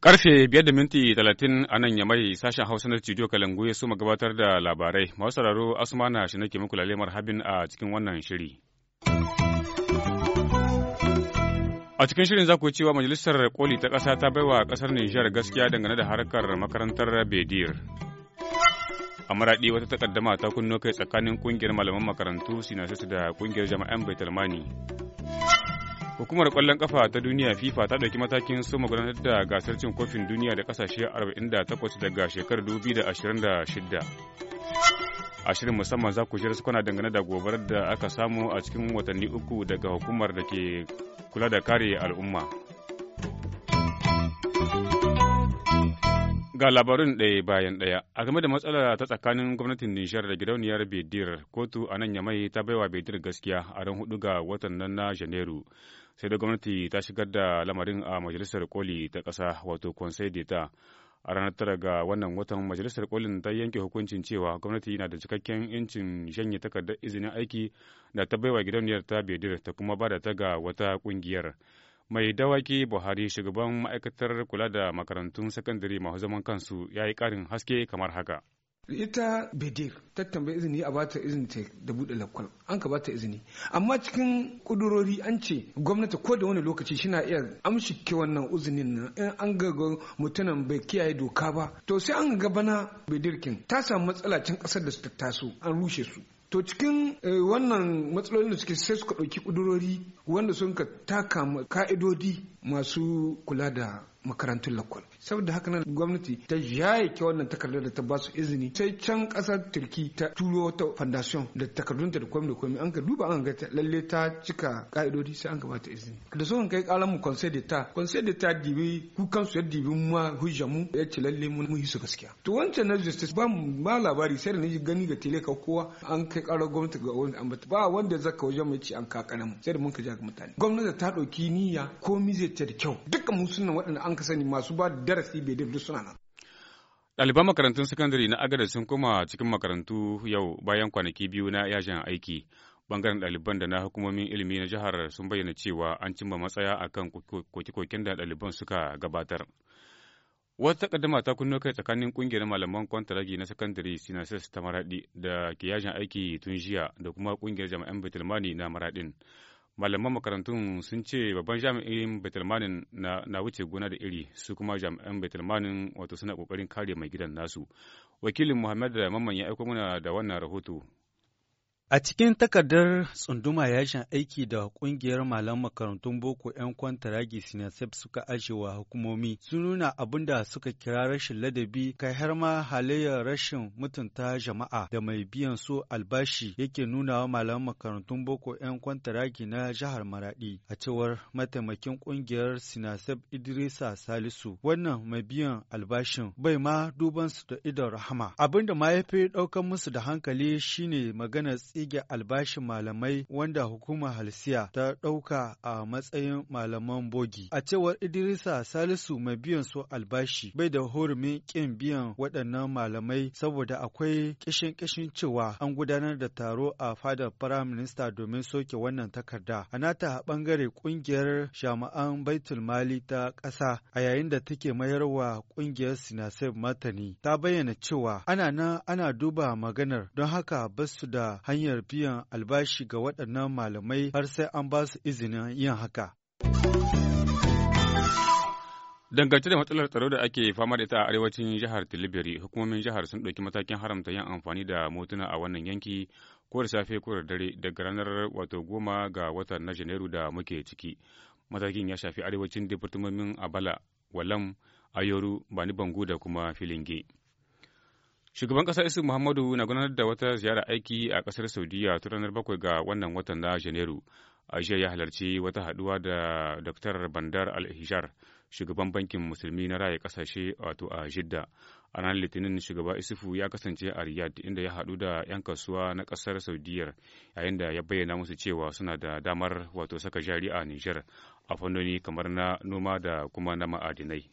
karfe biyar da minti talatin a nan ya mai sashen hausa na studio kalangu ya suma gabatar da labarai masu sauraro asumana shi nake muku lalemar habin a cikin wannan shiri A cikin shirin za ku cewa Majalisar Koli ta ƙasa ta baiwa ƙasar Nijar gaskiya dangane da harkar makarantar Bedir. a maraɗi wata takaddama ta kunno kai tsakanin kungiyar malaman makarantu sinasis da kungiyar jama'an baitulmani hukumar kwallon kafa ta duniya fifa ta ɗauki matakin soma gudanar da gasar cin kofin duniya da ƙasashe 48 daga shekarar 2026 ashirin shirin musamman za ku shirya su kwana dangane da gobarar da aka samu a cikin watanni uku daga hukumar da ke kula da kare al'umma Ga labarin ɗaya bayan ɗaya, a game da matsalar ta tsakanin gwamnatin nijar da gidauniyar Bedir, kotu a nan Yamai ta baiwa Bedir gaskiya a ran hudu ga watan nan na Janairu. Sai da gwamnati ta shigar da lamarin a Majalisar Koli ta ƙasa wato Conseil d'Etat. A ranar tara ga wannan watan Majalisar Kolin ta yanke hukuncin cewa gwamnati na da cikakken yancin shanye takardar izinin aiki da ta baiwa gidauniyar ta Bedir ta kuma ba ta ga wata ƙungiyar. mai dawaki buhari shugaban ma'aikatar kula da makarantun sakandare masu zaman kansu ya yi karin haske kamar haka ita bedir ta tambayi izini a bata izini ta da bude lakwal an ka bata izini amma cikin kudurori an ce gwamnati ko da wani lokaci shina iya amshike wannan izinin nan in an ga mutanen bai kiyaye doka ba to sai an ga bana bedirkin ta samu matsala cikin kasar da ta taso an rushe su to cikin eh, wannan matsalolin da suke sai suka ɗauki ƙudurori wanda sun ka taka ka'idodi masu kula da makarantun lakwal saboda haka nan gwamnati ta jayake wannan takardar da ta ba su izini sai can kasar turki ta turo ta foundation da ta da kwami da kwami an ka duba an ga lalle ta cika ka'idodi sai an bata izini da so kai kalan mu conseil d'etat conseil d'etat dibi ku su ya dibi ma hujjar mu ya ce lalle mun mun su gaskiya to wancan na justice ba ba labari sai da ni gani ga tele ka kowa an kai karar gwamnati ga wani ambata ba wanda zaka wajen mai ci an kakana mu sai da mun ka ja ga mutane gwamnati ta dauki niyya komi zai ta da kyau duka mu sunan waɗanda an ka sani masu ba da darasi bai duk suna nan ɗaliban makarantun sakandare na agada sun koma cikin makarantu yau bayan kwanaki biyu na yajin aiki bangaren ɗaliban da na hukumomin ilimi na jihar sun bayyana cewa an cimma matsaya a kan koke-koken da ɗaliban suka gabatar wata takaddama ta kunno kai tsakanin ƙungiyar malaman kwantaragi na sakandare sinasis ta maraɗi da ke yajin aiki tun jiya da kuma ƙungiyar jama'an bitulmani na maraɗin. malaman makarantun sun ce babban jami'in betelmanin na, wuce gona da iri su kuma jami'an betelmanin wato suna kokarin kare mai gidan nasu wakilin muhammad da mamman ya aiko mana da wannan rahoto A cikin takardar tsunduma yashin aiki da ƙungiyar malam makarantun boko 'yan kwantaragi sinasef suka ajewa hukumomi sun nuna abin da suka kira rashin ladabi kai har ma halayyar rashin mutunta jama'a da mai biyan su albashi yake nuna wa malam makarantun boko 'yan kwantaragi na jihar Maradi. A cewar mataimakin ƙungiyar sinasef Idrisa Salisu wannan mai biyan albashin bai ma duban su da idon rahama. Abin da ma ya fi ɗaukar musu da hankali shine maganar tsige albashin malamai wanda hukumar halsiya ta ɗauka a matsayin malaman bogi. A cewar Idrisa Salisu mai biyan su albashi bai da hurumin ƙin biyan waɗannan malamai saboda akwai ƙishin kishin cewa an gudanar da taro a fadar Firayim Minista domin soke wannan takarda. A nata ɓangare ƙungiyar shama'an Baitul Mali ta ƙasa a yayin da take wa ƙungiyar Sinasef Martani ta bayyana cewa ana nan ana duba maganar don haka ba su da hanyar hanyar biyan albashi ga waɗannan malamai har sai an ba su izinin yin haka. Dangance da matsalar tsaro da ake fama da ita a arewacin jihar Tilibiri, hukumomin jihar sun ɗauki matakin haramta yin amfani da motuna a wannan yanki ko da safe ko da dare daga ranar wato goma ga watan na Janairu da muke ciki. Matakin ya shafi arewacin difurtumomin Abala, Walam, Ayoru, Bani Bangu da kuma Filinge. Shugaban ƙasar Isu Muhammadu na gudanar da wata ziyara aiki a ƙasar Saudiya ta ranar bakwai ga wannan watan na Janairu. A jiya ya halarci wata haɗuwa da Dr. Bandar Al-Hijar, shugaban bankin musulmi na raya kasashe wato a Jidda. A ranar Litinin shugaba Isufu ya kasance a Riyadh inda ya haɗu da 'yan kasuwa na ƙasar Saudiyar yayin da ya bayyana musu cewa suna da damar wato saka jari a Nijar a fannoni kamar na noma da kuma na ma'adinai.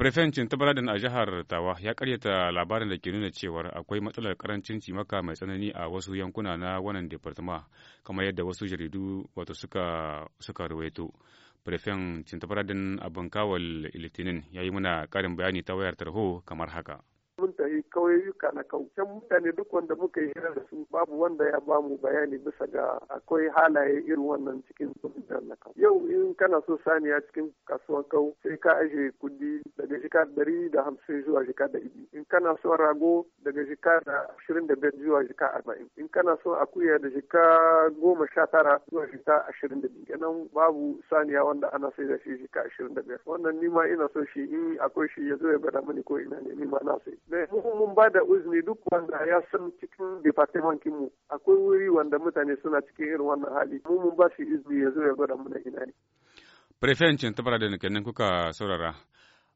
Prefen Cintabaladan a jihar Tawa ya karyata labarin da ke nuna cewar akwai matsalar karancin cimaka mai tsanani a wasu yankuna na wannan departama kamar yadda wasu jaridu wato suka suka rawaito. Prefen tabaradin a Bankawal Litinin ya yi muna karin bayani ta wayar tarho kamar haka. mun tafi kauyuka na kau can mutane duk wanda muka yi hira da su babu wanda ya bamu bayani bisa ga akwai halaye irin wannan cikin kudin na kau yau in kana so saniya cikin kasuwan kau sai ka ajiye kudi daga shika dari da hamsin zuwa shika da ibi in kana so rago daga shika da ashirin da biyar zuwa shika arba'in in kana so akuya da shika goma sha tara zuwa shika ashirin da biyu kenan babu saniya wanda ana sai da shi shika ashirin da biyar wannan nima ina so shi in akwai shi ya zo ya gwada mani ko ina ne nima na sai mai mun ba da uzini duk wanda ya san cikin departamentin mu akwai wuri wanda mutane suna cikin irin wannan hali mu mun ba shi izini ya zo ya gwada muna ina ne. Preferencin tabara da nan kuka saurara.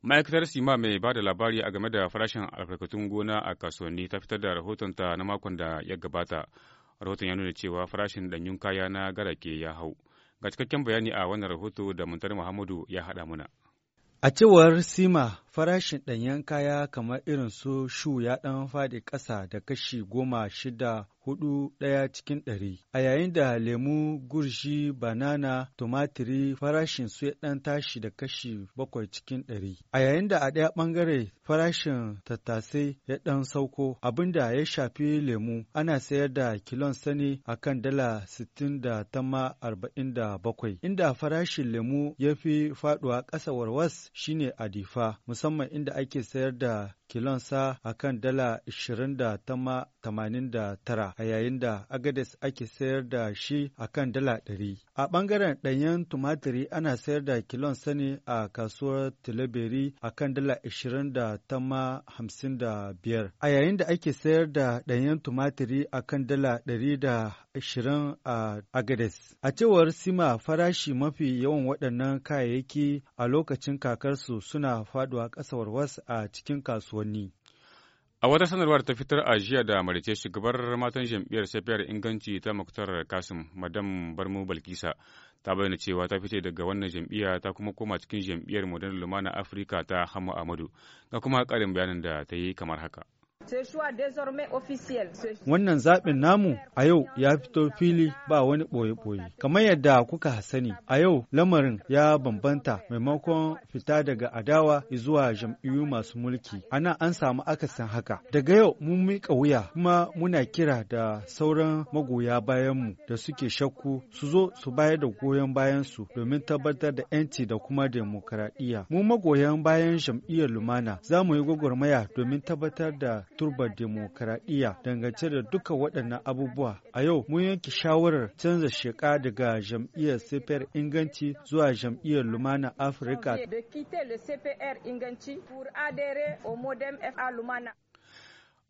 Ma'aikatar Sima mai ba da labari a game da farashin albarkatun gona a kasuwanni ta fitar da rahotonta na makon da ya gabata. Rahoton ya nuna cewa farashin danyun kaya na garake ya hau. Ga cikakken bayani a wannan rahoto da Muntar Muhammadu ya haɗa muna. A cewar Sima, farashin ɗanyen kaya kamar irin su shu ya ɗan faɗi ƙasa da kashi goma shida hudu ɗaya cikin ɗari. A yayin da lemu, gurshi banana, tumatiri farashin su ya ɗan tashi da kashi bakwai cikin ɗari. A yayin da a ɗaya ɓangare farashin tattasai ya ɗan sauko abinda ya shafi lemu ana sayar da kilon sani a kan dala sittin da tamma arba'in da bakwai. Inda farashin lemu ya fi faɗuwa ƙasa warwas shine adifa musamman inda ake sayar da kilonsa a kan dala 20.89 a yayin da agades ake sayar da shi a kan dala 100. A ɓangaren ɗanyen tumatiri ana sayar da kilonsa ne a kasuwar Tilaberi a kan dala 20.55 a yayin da ake sayar da ɗanyen tumatiri a kan dala ashirin a agades. A cewar Sima farashi mafi yawan waɗannan kayayyaki a lokacin kakarsu suna faɗuwa ƙasa warwas a cikin kasuwa unguwanni. A wata sanarwar ta fitar a jiya da marice shugabar matan jam'iyyar safiyar inganci ta Muktar Kasim, Madam Barmu Balkisa, ta bayyana cewa ta fice daga wannan jam'iyya ta kuma koma cikin jam'iyyar Modern Lumana Afirka ta hamu Amadu, ga kuma karin bayanin da ta yi kamar haka. Wannan zaɓin namu a yau ya fito fili ba wani ɓoye-ɓoye. Kamar yadda kuka sani, a yau lamarin ya bambanta maimakon fita daga adawa zuwa jam'iyyu masu mulki. Ana an samu akasin haka. Daga yau mun miƙa wuya kuma muna kira da sauran magoya bayanmu da suke shakku su zo su bayar da goyon bayansu domin tabbatar da 'yanci da kuma demokaradiyya. Mu magoyan bayan jam'iyyar Lumana za mu yi gwagwarmaya domin tabbatar da turbar demokaradiyya dangance da duka waɗannan abubuwa. A yau mun yanke shawarar canza sheka daga jam'iyyar CPR inganci zuwa jam'iyyar Lumana Afirka.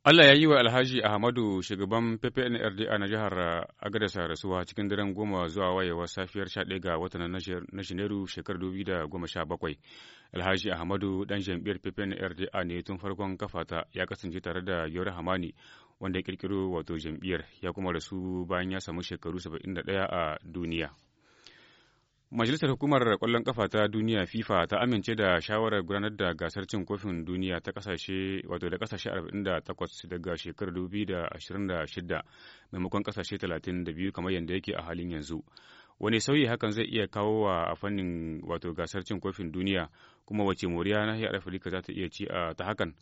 Allah ya yi wa Alhaji Ahmadu shugaban PPNRDA na jihar Agadasa rasuwa cikin daren goma zuwa wayewar safiyar ɗaya ga watan na Janairu shekarar bakwai Alhaji Ahmadu ɗan jam'iyyar PPNRDA ne tun farkon kafata ya kasance tare da Yori Hamani wanda ya ƙirƙiro wato jam'iyyar ya kuma rasu bayan ya samu shekaru saba'in da ɗaya a duniya. Majalisar Hukumar Ƙwallon Ƙafa ta Duniya FIFA ta amince da shawarar gudanar da gasar cin kofin duniya ta ƙasashe wato da kasashe 48 daga shekarar 2026 maimakon ƙasashe 32 kamar yadda yake a halin yanzu. Wani sauyi hakan zai iya kawo wa a fannin wato gasar cin kofin duniya kuma wace moriya nahiyar Afirka za ta iya ci a ta hakan.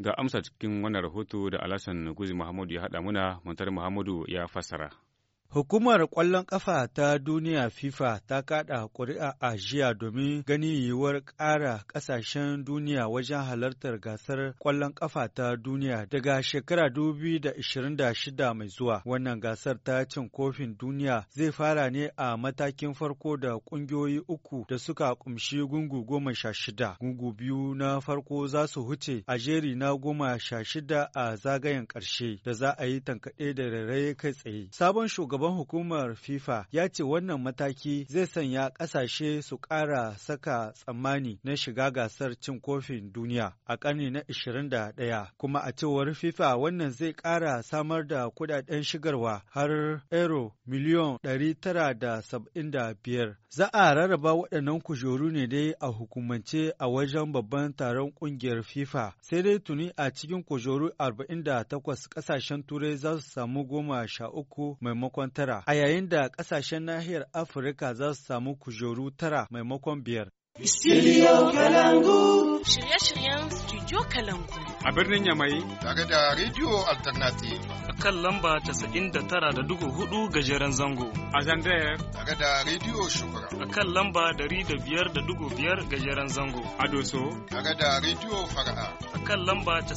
Ga amsa cikin wannan rahoto da Alasan Guzi Muhammadu ya haɗa muna, Muntar Muhammadu ya fassara. Hukumar ƙwallon ƙafa ta duniya FIFA ta kaɗa ƙuri'a a jiya domin gani yiwuwar ƙara ƙasashen duniya wajen halartar gasar ƙwallon ƙafa ta duniya daga shekara 2026 mai zuwa. Wannan gasar ta cin kofin duniya zai fara ne a matakin farko da ƙungiyoyi uku da suka ƙumshi gungu goma sha shida. Gungu biyu na farko za su huce a jeri na goma sha shida a zagayen ƙarshe da za a yi tankaɗe da rairaye kai tsaye. Sabon shugaban shugaban hukumar FIFA ya ce wannan mataki zai sanya ƙasashe su ƙara saka tsammani na shiga gasar cin kofin duniya a ƙarni na 21 kuma a cewar FIFA wannan zai ƙara samar da kudaden shigarwa har euro miliyon 975 Za a rarraba waɗannan kujeru ne dai a hukumance a wajen babban taron ƙungiyar FIFA, sai dai tuni a cikin kujeru 48 ƙasashen Turai za su samu goma sha uku maimakon tara, a yayin da ƙasashen nahiyar Afirka za su samu kujeru tara maimakon biyar. Shirye-shiryen Studio Kalangu. A birnin Yamai. Tare da Radio Alternative. kan lamba da tara da dugu hudu gajeren zango. A Zandayar. Tare da Radio Shukura. A kan lamba dari da biyar da dugu biyar gajeren zango. A Doso. Tare da Radio Fara'a. A kan lamba da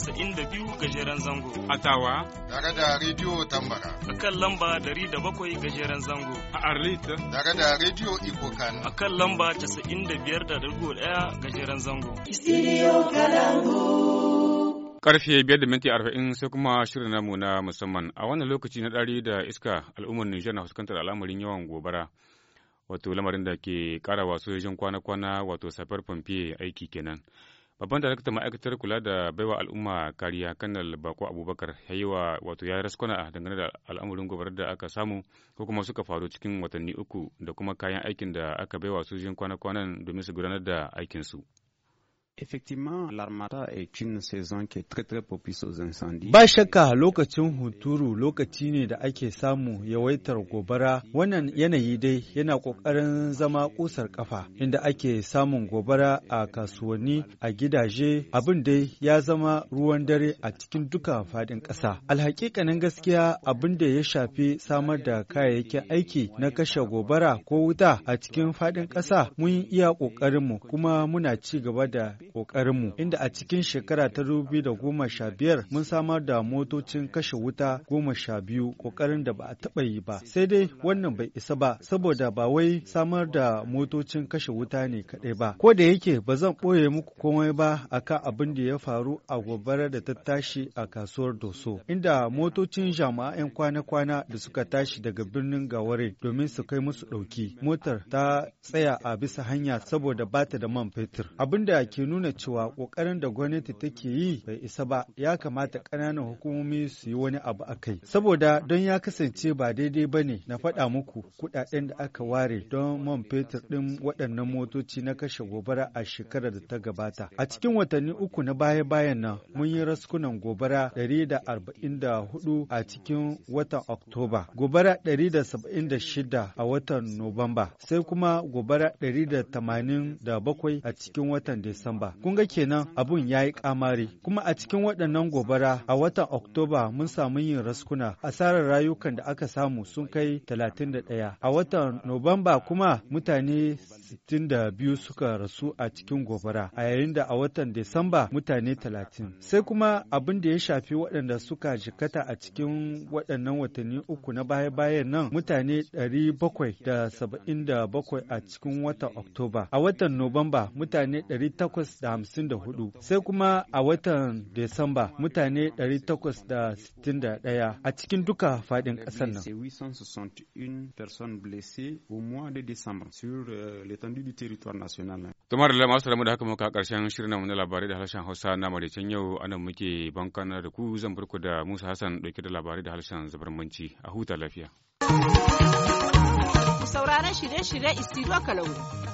biyu gajeren zango. A Tawa. Tare da Radio Tambara. A kan lamba dari da bakwai gajeren zango. A Arlit. Tare da Radio Ibokan. A kan lamba da biyar ga gajeren zango. biyar da minti arba'in sai kuma shirin namu na musamman a wannan lokaci na dari da iska al'ummar Nijar na fuskantar al'amarin yawan gobara. Wato lamarin da ke ƙara wasu jan kwana-kwana wato safar famfe aiki kenan. babban daraktan ma'aikatar kula da baiwa al'umma kariya kanal bako abubakar ya yi wa wato ya raskwana dangane da al'amurin gobarar da aka samu ko kuma suka faru cikin watanni uku da kuma kayan aikin da aka baiwa sojojin kwana-kwanan domin su gudanar da aikinsu. su Effectivement, l'armada est une saison qui est très très propice aux incendies. Ba shakka lokacin hunturu lokaci ne da ake samu yawaitar gobara wannan yanayi dai yana kokarin zama kusar kafa inda ake samun gobara a kasuwanni a gidaje abin dai ya zama ruwan dare a cikin duka fadin ƙasa. Alhakikanin gaskiya abin da ya shafi samar da kayayyakin aiki na kashe gobara ko wuta a cikin fadin ƙasa mun iya mu kuma muna ci gaba da ƙoƙarinmu, inda a cikin shekara ta da goma sha biyar mun samar da motocin kashe wuta goma sha biyu ƙoƙarin da ba a taɓa yi ba. Sai dai wannan bai isa ba, saboda ba wai samar da motocin kashe wuta ne kaɗai ba. Ko da yake ba zan ɓoye muku komai ba akan abin da ya faru a gobarar da ta tashi a kasuwar Doso, inda motocin jama'a kwana-kwana da suka tashi daga birnin Gaware domin su kai musu ɗauki. Motar ta tsaya a bisa hanya saboda bata da man fetur. Abin da ke nuna nuna cewa ƙoƙarin da gwamnati take yi bai isa ba ya kamata ƙananan hukumomi su yi wani abu a kai saboda don ya kasance ba daidai ba ne na faɗa muku kuɗaɗen da aka ware don man fetur ɗin waɗannan motoci na kashe gobara a shekarar da ta gabata a cikin watanni uku na baya-bayan nan mun yi raskunan gobara 144 a cikin watan oktoba gobara 176 a watan nobamba sai kuma gobara bakwai a cikin watan disamba Kun ga kenan abun ya yi kamari. Kuma a cikin waɗannan gobara a watan Oktoba mun samu yin raskuna. Asarar rayukan da aka samu sun kai 31. A watan Nuwamba kuma mutane 62 suka rasu a cikin gobara. A yayin da a watan Desamba mutane 30. Sai kuma abin da ya shafi waɗanda suka jikata a cikin waɗannan watanni uku na baya-bayan nan mutane 777 a cikin watan Oktoba. A watan Nuwamba mutane 854 sai kuma a watan Desamba mutane 861 a cikin duka faɗin ƙasar nan. Tumar da lamar salamu da haka muka karshen shirin namu na labarai da harshen Hausa na maraicen yau anan muke bankana da ku zan burku da Musa Hassan dauke da labarai da harshen zabarmanci a huta lafiya. Sauraron shirye-shirye Istiro Kalangu.